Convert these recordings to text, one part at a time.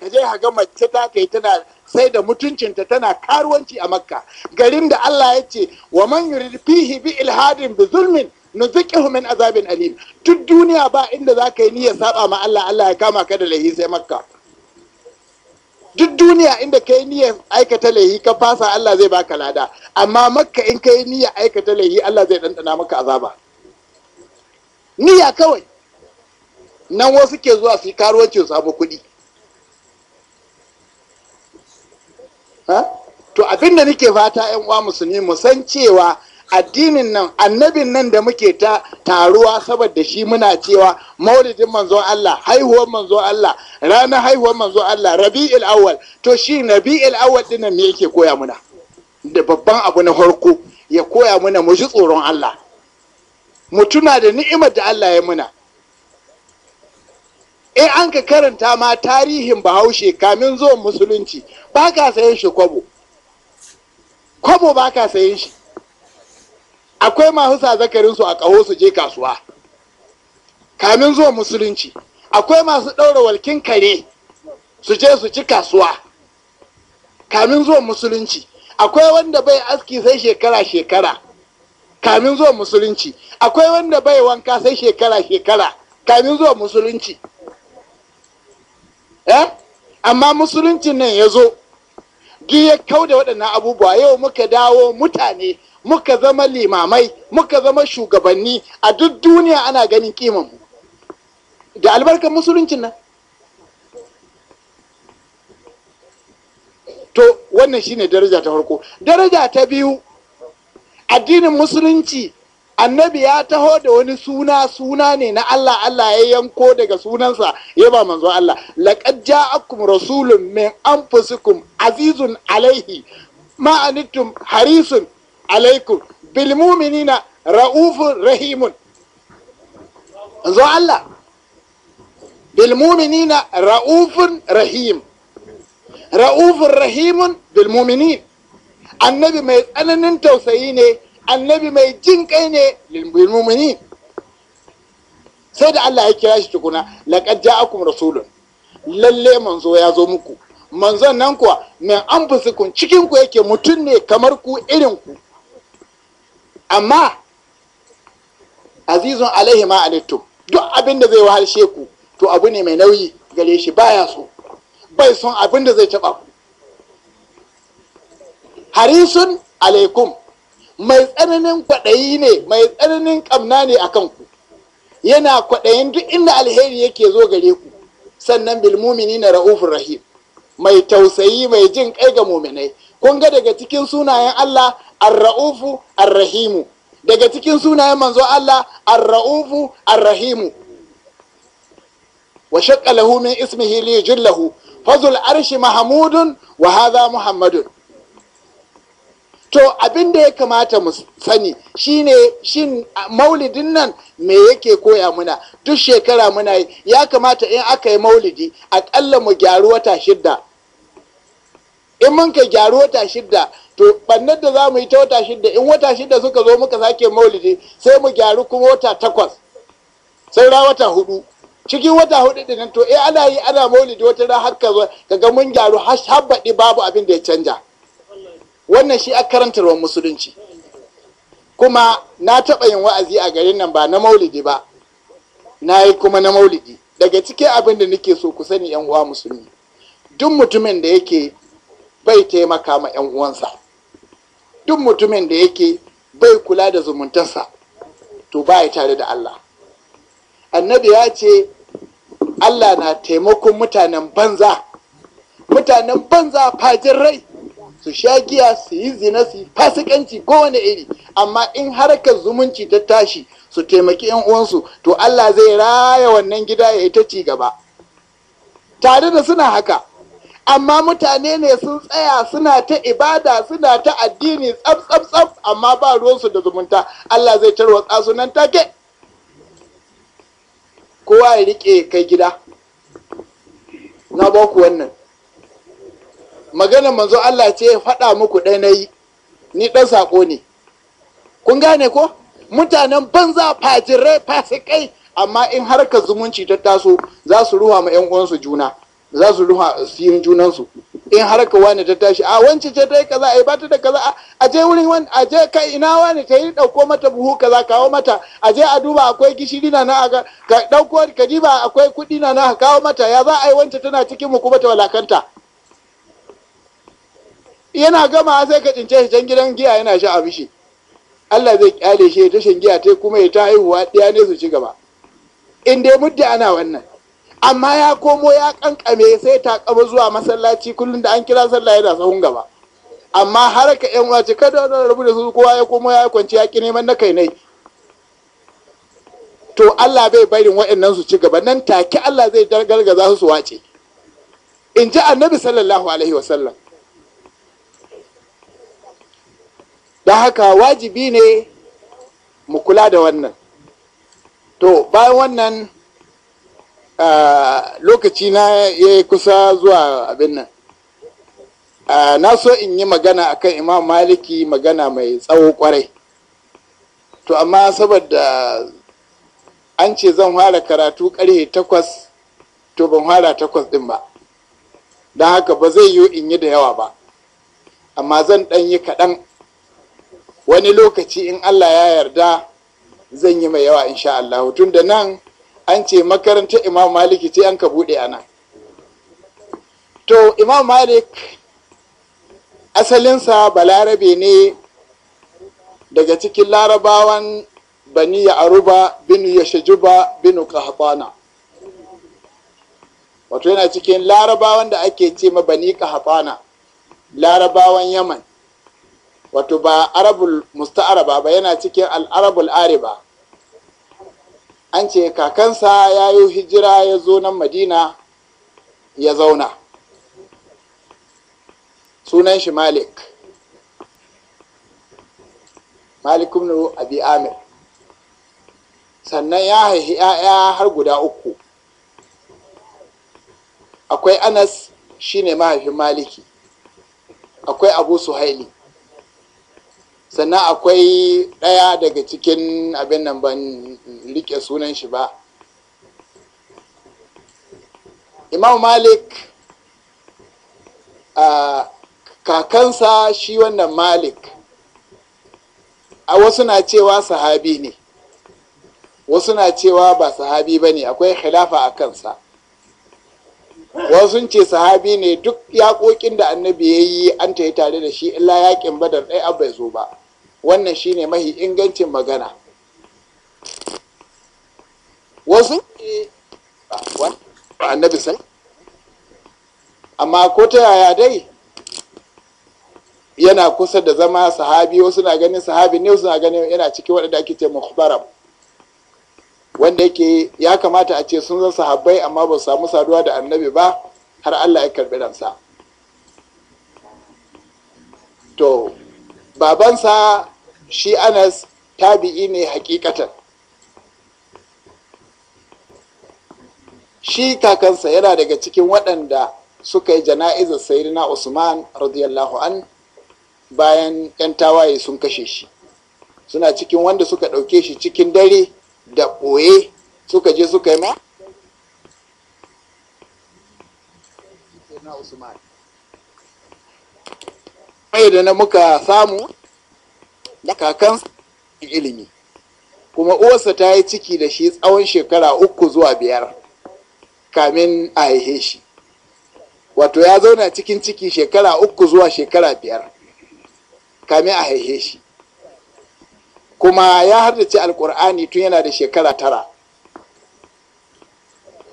ka je ga mace ta kai tana sai da mutuncinta tana karuwanci a makka garin da Allah ya ce wa man yurid fihi bi ilhadin bi zulmin nuzikihu min azabin alim duk duniya ba inda za ka yi niyyar saba ma Allah Allah ya kama ka da laihi sai makka duk duniya inda ka yi niyyar aikata laihi ka fasa Allah zai baka lada amma makka in ka yi niyyar aikata laihi Allah zai ɗanɗana maka azaba niyya kawai nan wasu ke zuwa su yi karuwanci su samu kuɗi to abin da nake fata yan uwa musulmi mu san cewa addinin nan annabin nan da muke ta taruwa saboda shi muna cewa maulidin manzo Allah haihuwar manzon Allah ranar haihuwar manzo Allah rabi'il awwal to shi rabi'il awwal din nan me yake koya muna da babban abu na farko ya koya muna mu ji tsoron Allah mu tuna da ni'imar da Allah ya muna in eh, an ka karanta ma tarihin bahaushe kamin zuwan musulunci ba ka sayan shi kwabo kwabo ba ka sayan shi akwai masu sa su a ƙaho su je kasuwa kamin zuwan musulunci akwai masu ɗaura walkin kare su je su ci kasuwa kamin zuwan musulunci akwai wanda bai aski sai shekara-shekara kamin zuwan musulunci akwai wanda bai wanka sai shekara-shekara kamin zuwan musulunci eh amma musulunci nan ya zo duk ya kau da waɗannan abubuwa yau muka dawo mutane muka zama limamai muka zama shugabanni a duk duniya ana ganin kimanmu da albarkar musuluncin nan to wannan shine daraja ta farko daraja ta biyu addinin musulunci annabi ya taho da wani suna suna ne na Allah Allah ya yanko daga sunansa ya ba manzo Allah laqad ja'akum rasulun min anfusikum azizun alaihi ma harisun alaikum bil mu'minina ra'ufun rahimun manzo Allah bil mu'minina ra'ufun rahim ra'ufun rahimun bil mu'minin annabi mai tsananin tausayi ne annabi mai jin kai ne limbin mu'minin sai da Allah ya kira shi tukuna ja ja'akum rasulun lalle manzo ya zo muku manzon nan kuwa min an cikin cikinku yake mutum ne kamar ku irin ku amma azizun alaihi ma duk abin da zai wahalshe ku to abu ne mai nauyi gare shi baya so bai son abin da zai taba ku harisun alaikum mai tsananin kwaɗayi ne mai tsananin ƙamna ne a kanku yana kwaɗayin duk inda alheri yake zo gare ku sannan bilmumini na ra'ufin rahim mai tausayi mai jin kai ga muminai kun ga daga cikin sunayen Allah ar-ra'ufu rahimu daga cikin sunayen manzo Allah ar-ra'ufu ar-rahimu wa shakka lahu min ismihi li jullahu fazul arshi mahmudun wa hadha muhammadun to abin da ya kamata mu sani shine shin maulidin nan me yake koya muna duk shekara muna yi ya kamata in aka yi maulidi aƙalla mu gyaru wata shidda in mun ka gyaru wata shidda to bannar da za mu yi ta wata shidda in wata shidda suka zo muka sake maulidi sai mu gyaru kuma wata takwas ra wata hudu cikin wata hudu din to eh ana yi ana maulidi wata ra har ka ga mun gyaru har babu abin da ya canja wannan shi a karantarwar musulunci kuma na taɓa yin wa'azi a garin nan ba na maulidi ba na yi kuma na maulidi daga cikin abin da nake so ku sani yan uwa musulmi duk mutumin da yake bai taimaka ma yan uwansa duk mutumin da yake bai kula da zumuntarsa to ba ya tare da Allah annabi ya ce Allah na taimakon mutanen banza mutanen banza fajin rai su sha giya su yi zina su yi fasikanci kowane iri amma in harkar zumunci ta tashi su taimaki yan uwansu to Allah zai raya wannan gida ya ita ci gaba tare da suna haka amma mutane ne sun tsaya suna ta ibada suna ta addini tsaf tsaf tsaf amma ba ruwansu da zumunta Allah zai tarwatsa su nan take kowa ya rike kai gida na baku wannan magana manzo Allah ce faɗa muku ɗaya na yi ni ɗan saƙo ne kun gane ko mutanen banza fajirai fasikai amma in harkar zumunci ta taso za su ruwa ma 'yan uwansu juna za su su yin junansu in harka wani ta tashi a wancan ce ta yi kaza a yi bata da kaza a je wurin wani a je kai ina wani ta yi dauko mata buhu kaza kawo mata a je a duba akwai gishiri na na ka ɗauko ka ba akwai kuɗi na na kawo mata ya za a yi wancan tana cikin mu kuma ta walakanta yana gama sai ka cince shi can gidan giya yana sha a Allah zai kyale shi ta shan giya ta kuma ya ta haihuwa ɗaya ne su ci gaba in dai muddi ana wannan amma ya komo ya kankame sai ta kaba zuwa masallaci kullum da an kira sallah yana sahun gaba amma har ka yan wace kada wani rabu da su kowa ya komo ya kwanci ya ki neman na kai nai to Allah bai barin waɗannan su ci gaba nan take Allah zai gargaza su su wace in ji annabi sallallahu alaihi wasallam da haka wajibi ne mu kula da wannan to bayan wannan lokaci na ya kusa zuwa abin nan na so in yi magana akan imam maliki magana mai tsawo kwarai to amma saboda an ce zan fara karatu karhe takwas to ban fara takwas din ba don haka ba zai yiwu in yi da yawa ba amma zan ɗan yi kaɗan wani lokaci in allah ya yarda zan yi mai yawa insha allah tun da nan an ce makaranta imam maliki ce an ka buɗe a to imam malik asalinsa balarabe ne daga cikin larabawan bani ya aruba binu ya shajuba binu kahatana wato yana cikin larabawan da ake ce ma bani kahatana larabawan yaman wato ba arabul musta'araba ba yana cikin al'arabul ariba an ce kakansa ya yi hijira ya zo nan madina ya zauna sunan shi malik malik abi amir sannan ya haihi 'ya'ya har guda uku akwai anas shine mahaifin maliki akwai abu suhaili sannan akwai ɗaya daga cikin abin nan ban rike sunan shi ba imam malik a kakansa shi wannan malik a wasu na cewa sahabi ne wasu na cewa ba sahabi ba ne akwai khilafa a kansa wasu ce sahabi ne duk yaƙoƙin da annabi ya yi an ta yi tare da shi illa yaƙin badar ɗaya bai zo ba wannan shine mahi ingancin magana wasu annabi sai amma ko ta yaya dai yana kusa da zama sahabi wasu na ganin sahabi ne wasu na ganin yana cikin waɗanda ake ce muhbaram wanda yake ya kamata a ce sun zan sahabbai amma ba su samu saduwa da annabi ba har allah ya karɓi ransa to babansa shi anas tabi'i ne hakikatan shi kakansa yana daga cikin waɗanda suka yi jana'izar sayyidina usman radiyallahu an bayan 'yan tawaye sun kashe shi suna cikin wanda suka ɗauke shi cikin dare da ɓoye suka je suka yi ma? Usman. mai da na muka samu da kakan ilimi kuma uwarsa ta yi ciki da shi tsawon shekara uku zuwa biyar kamin a haihe shi wato ya zauna cikin ciki shekara uku zuwa shekara biyar kamin a haihe shi kuma ya haddace alkur'ani tun yana da shekara tara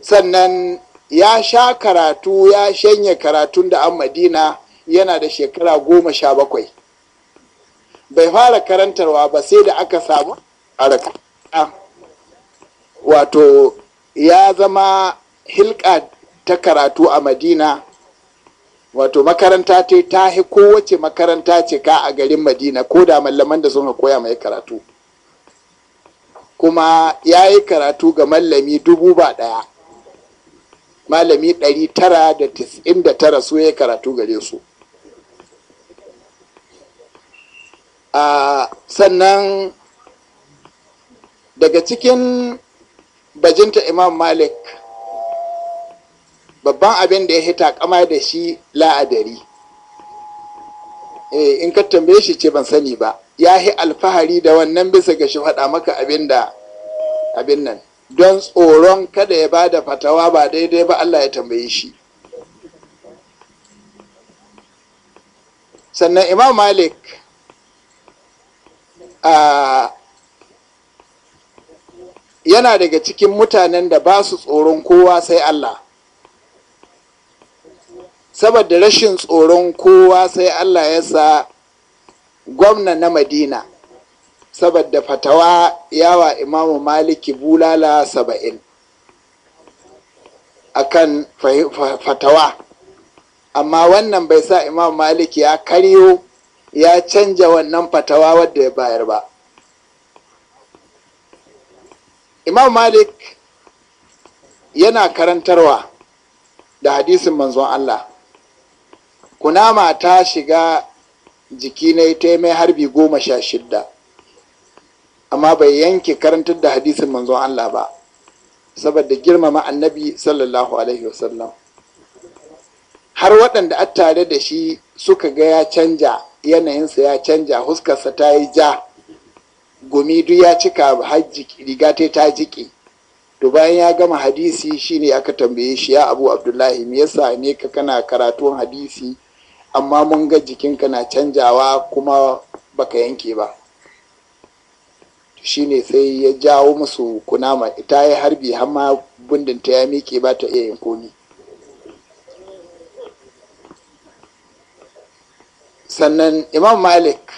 sannan ya sha karatu ya shanye karatun da an madina yana da shekara goma sha bakwai bai fara karantarwa ba sai da aka samu araka ah, wato ya zama hilka ta karatu a madina wato makaranta yi ta hi kowace makaranta ce ka a garin madina ko da mallaman da sun koya mai karatu kuma ya yi karatu ga mallami dubu ba ɗaya malami ɗari tara da da tara su ya karatu gare su a sannan daga cikin bajinta imam malik babban abin da ya hita kama da shi la'adari eh, in ka tambaye shi ce ban sani ba ya yi alfahari da wannan bisa ga shi faɗa maka abin da abin nan don tsoron kada ya ba da fatawa ba daidai ba allah ya tambaye shi sannan imam malik yana daga cikin mutanen da ba su tsoron kowa sai Allah saboda rashin tsoron kowa sai Allah ya sa gwamna na madina saboda fatawa yawa imamu maliki bulala saba'in akan fatawa amma wannan bai sa imamu maliki ya karyo ya canja wannan fatawa wadda ya bayar ba imam malik yana karantarwa da hadisin manzon allah kunama ta shiga jiki na ita mai harbi goma sha shidda amma bai yanke karantar da hadisin manzon allah ba saboda girmama annabi sallallahu alaihi wasallam har waɗanda a tare da shi suka ga ya canja yanayinsa ya canja huskarsa ta yi ja gumi duk ya cika riga ta ta jiki to bayan ya gama hadisi shine aka tambaye shi ya abu abdullahi me yasa ne ka kana karatun hadisi amma mun ga jikinka na canjawa kuma baka yanke ba shine sai ya jawo musu kunama ita ya harbi har ma bindinta ya miƙe ba ta iya yin komi sannan imam malik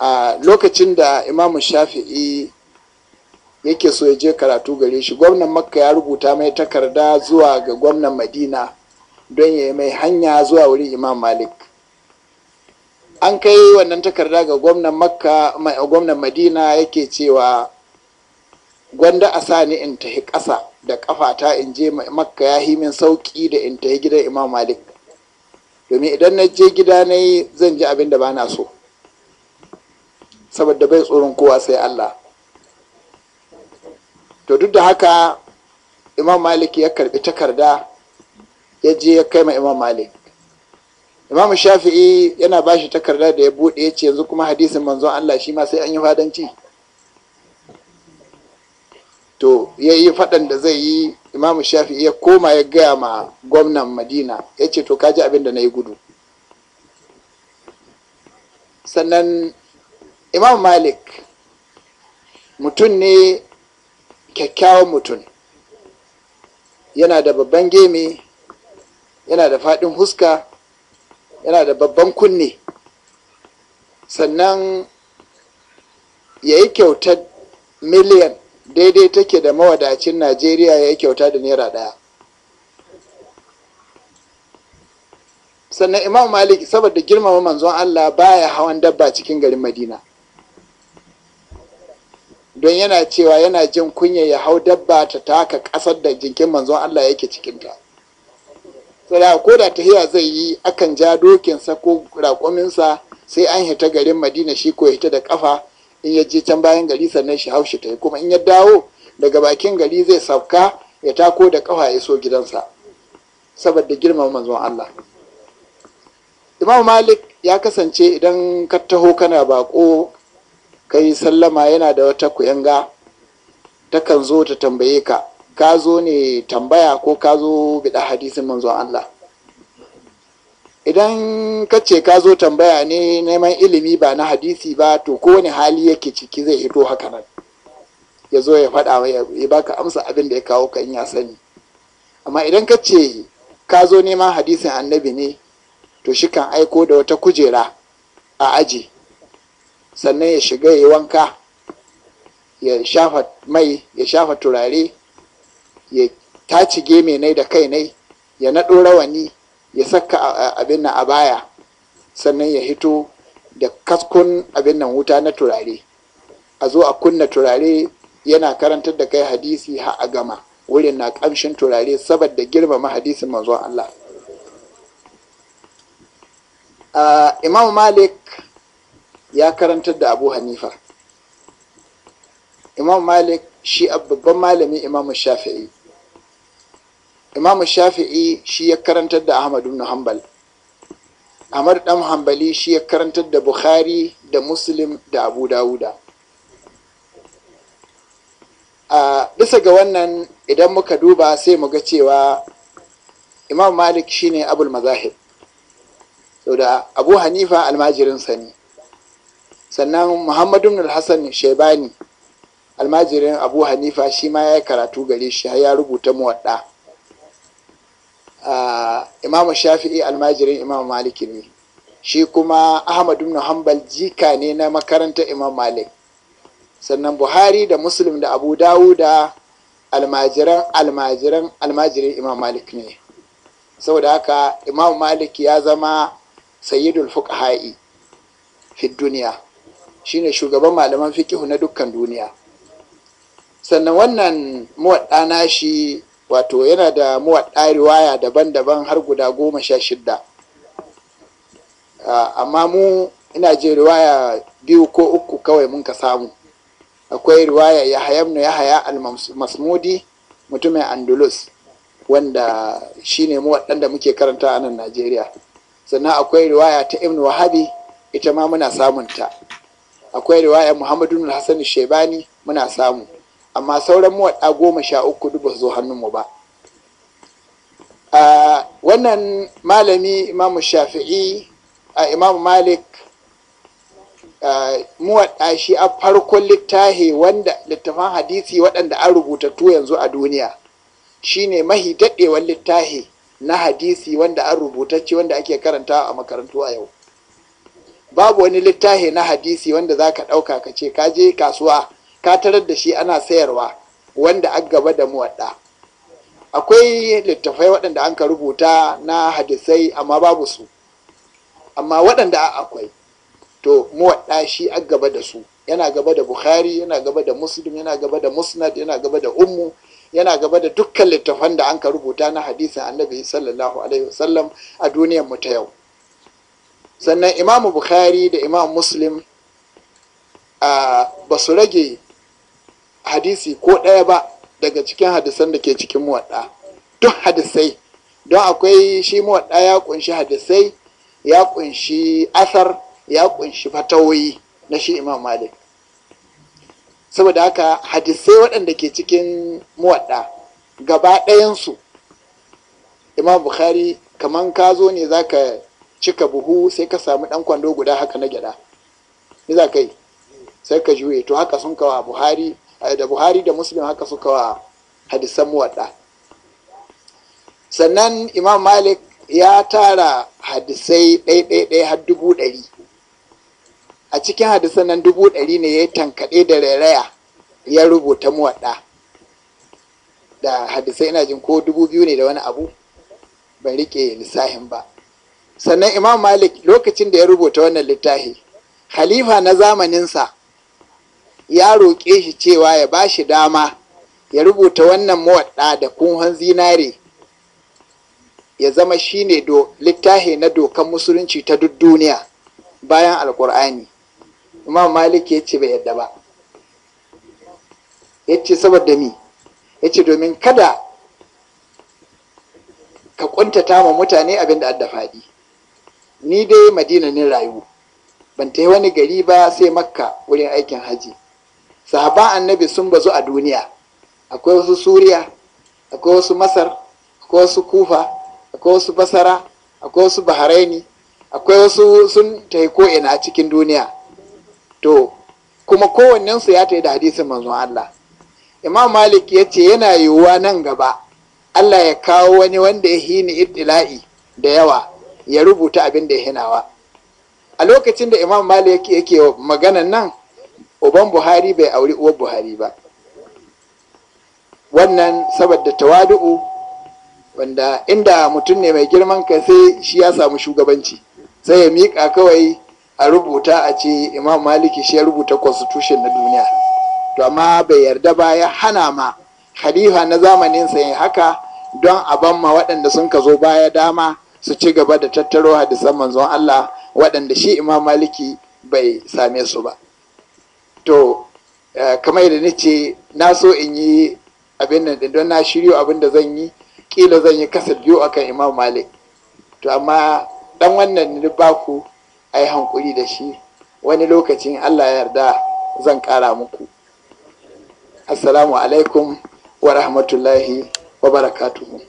a lokacin da imam shafi'i yake so ya je karatu gare shi gwamnan makka ya rubuta mai takarda zuwa ga gwamnan madina don ya yi mai hanya zuwa wurin imam malik an kai wannan takarda ga gwamnan makka gwamnan madina yake cewa gwanda a sa ni in tahi ƙasa da kafata in je makka ya himin sauƙi da in tahi gidan imam malik domin idan na je gida na yi zan ji abin da ba na so saboda bai tsoron kowa sai Allah to duk da haka imam malik ya karbi takarda ya je ya kai ma imam malik imam shafi'i yana ba shi takarda da ya bude ya ce yanzu kuma hadisin manzon Allah shi ma sai an yi fadanci to ya yi faɗan da zai yi Imamu shafi ya koma ya gaya ma gwamnan madina ya ce to kaji abin da na yi gudu sannan imam malik mutum ne kyakkyawan mutum yana da babban gemi yana da faɗin huska yana da babban kunne sannan ya yi kyautar miliyan daidai take da mawadacin najeriya ya kyauta da naira ɗaya sannan imam malik saboda girmama manzon allah baya hawan dabba cikin garin madina don yana cewa yana jin kunya ya hau dabba ta taka kasar da jinkin manzon allah yake cikinta tsada ko da ta hiya zai yi akan ja dokinsa ko rakuminsa, sai an hita garin madina shi ko hita da kafa in ya je can bayan gari sannan shi haushi ta kuma in ya dawo daga bakin gari zai sauka ya tako da kafa ya so gidansa saboda girmama manzon Allah Imam Malik ya kasance idan ka taho kana bako kai sallama yana da wata kuyanga takan zo ta tambaye ka ka zo ne tambaya ko ka zo biɗa hadisin manzon Allah idan ka ce ka zo tambaya ne neman ilimi ba na hadisi ba to kowane hali yake ciki zai hito haka nan ya zo ya faɗa wa ya baka amsa abin da ya kawo ka in ya sani amma idan ka ce ka zo neman hadisin annabi ne to shi kan aiko da wata kujera a aji sannan ya shiga ya wanka ya shafa mai ya shafa turare ya taci geme da kai ya naɗo rawani ya saka abin nan a baya sannan ya hito da kaskon abin nan wuta na turare a zo a kunna turare yana karantar da kai hadisi ha a gama wurin na kamshin turare saboda girmama hadisin manzon Allah uh, imam malik ya karantar da abu hanifa imam malik shi babban malami imam shafi'i imamu shafi'i shi ya karantar da ahmad ibn hanbal ahmad dan hanbali shi ya karantar da bukhari da muslim da abu dawuda a bisa ga wannan idan muka duba sai mu ga cewa imam malik shine abul mazahib da abu hanifa almajirin sani, sannan muhammadu ibn al shaibani almajirin abu hanifa shi ma ya karatu gare shi har ya rubuta muwadda Imamu shafi'i almajirin imam maliki ne shi kuma ahmad ibn hanbal jika ne na makarantar imam malik sannan buhari da muslim da abu dawuda almajiran almajiran almajirin imam malik ne saboda haka imam malik ya zama sayyidul fuqaha'i fi duniya shine shugaban malaman fikihu na dukkan duniya sannan wannan muwadda shi wato yana da muwaɗa riwaya daban-daban har guda goma sha shidda ah, amma mu ina je riwaya biyu ko uku kawai mun ka samu akwai riwaya ya hayamnu ya haya al-masmudi mutumin andalus wanda shine ne da muke karanta a nan najeriya sannan akwai riwaya ta ibn wahabi ita ma muna samunta akwai riwaya muhammadu hassan shebani muna samu amma sauran muwaɗa goma sha uku duk ba su zo hannunmu ba wannan malami imamu shafi'i a imamu malik muwaɗa shi a farkon littahi wanda littafan hadisi waɗanda an tu yanzu a duniya shine mahi daɗewan littahi na hadisi wanda an rubutacce wanda ake karanta a makarantu a yau babu wani littahi na hadisi wanda za ka ɗauka ka ce ka je kasuwa ka tarar da shi ana sayarwa wanda a gaba da muwadda akwai littafai waɗanda an ka rubuta na hadisai amma babu su amma waɗanda a akwai to muwadda shi a gaba da su yana gaba da bukhari yana gaba da muslim yana gaba da musnad yana gaba da ummu yana gaba da dukkan littafan da an ka rubuta na hadisin annabi sallallahu alaihi wasallam a duniyar mu ta yau sannan imamu bukhari da imam muslim ba su rage hadisi ko ɗaya ba daga cikin hadisan da ke cikin muwaɗa duk hadisai don akwai shi muwaɗa ya kunshi hadisai ya kunshi asar ya kunshi fatawoyi na shi imam malik saboda haka hadisai waɗanda ke cikin muwaɗa gaba ɗayansu imam bukhari kaman ka zo ne za ka cika buhu sai ka samu ɗan kwando guda haka na gyaɗa ni za ka yi sai ka juye to haka sun kawa buhari Eh, da buhari da muslim haka suka wa hadisan muwadda sannan imam malik ya tara hadisai ɗaiɗaiɗai har dubu ɗari a cikin hadisan nan dubu ɗari ne ya yi tankaɗe da rairaya ya rubuta muwadda da hadisai ina jin ko dubu biyu ne da wani abu ban rike lissahin ba sannan imam malik lokacin da ya rubuta wannan littafi halifa na zamaninsa ya roƙe shi cewa ya ba shi dama ya rubuta wannan mawaɗa da kunhan zinare ya zama shi ne littafi na dokan musulunci ta duk duniya bayan alkur'ani imam malik ya ce bai yadda ba ya ce saboda mi ya ce domin kada ka kuntata ma mutane abin da adda faɗi ni dai madina ne rayu ban ta yi wani gari ba sai makka wurin aikin haji sahaban annabi sun bazu a duniya akwai wasu suriya akwai wasu masar akwai wasu kufa akwai wasu basara akwai wasu baharaini akwai wasu sun tahi ko'ina a cikin duniya to kuma kowannensu ya tai da hadisin manzon Allah imam malik ya ce yana yiwuwa nan gaba Allah ya kawo wani wanda ya hini ittila'i da yawa ya rubuta abin da ya hinawa a lokacin da imam malik yake maganan nan uban buhari bai auri uwar buhari ba wannan saboda tawadu'u wanda inda mutum ne mai girman ka sai shi ya samu shugabanci sai ya miƙa kawai a rubuta a ce imam maliki shi ya rubuta constitution na duniya to amma bai yarda ba ya hana ma khalifa na zamanin sa yin haka don a ban ma waɗanda sun ka zo baya dama su ci gaba da tattaro hadisan manzon Allah waɗanda shi imam maliki bai same su ba to eh, kamar yadda ni ce na so in yi abin nan don na shiryo abin da zan yi kila zan yi kasa biyu akan imam malik to amma dan wannan ni baku a yi hankuri da shi wani lokacin allah ya yarda zan kara muku assalamu alaikum wa rahmatullahi wa barakatuhu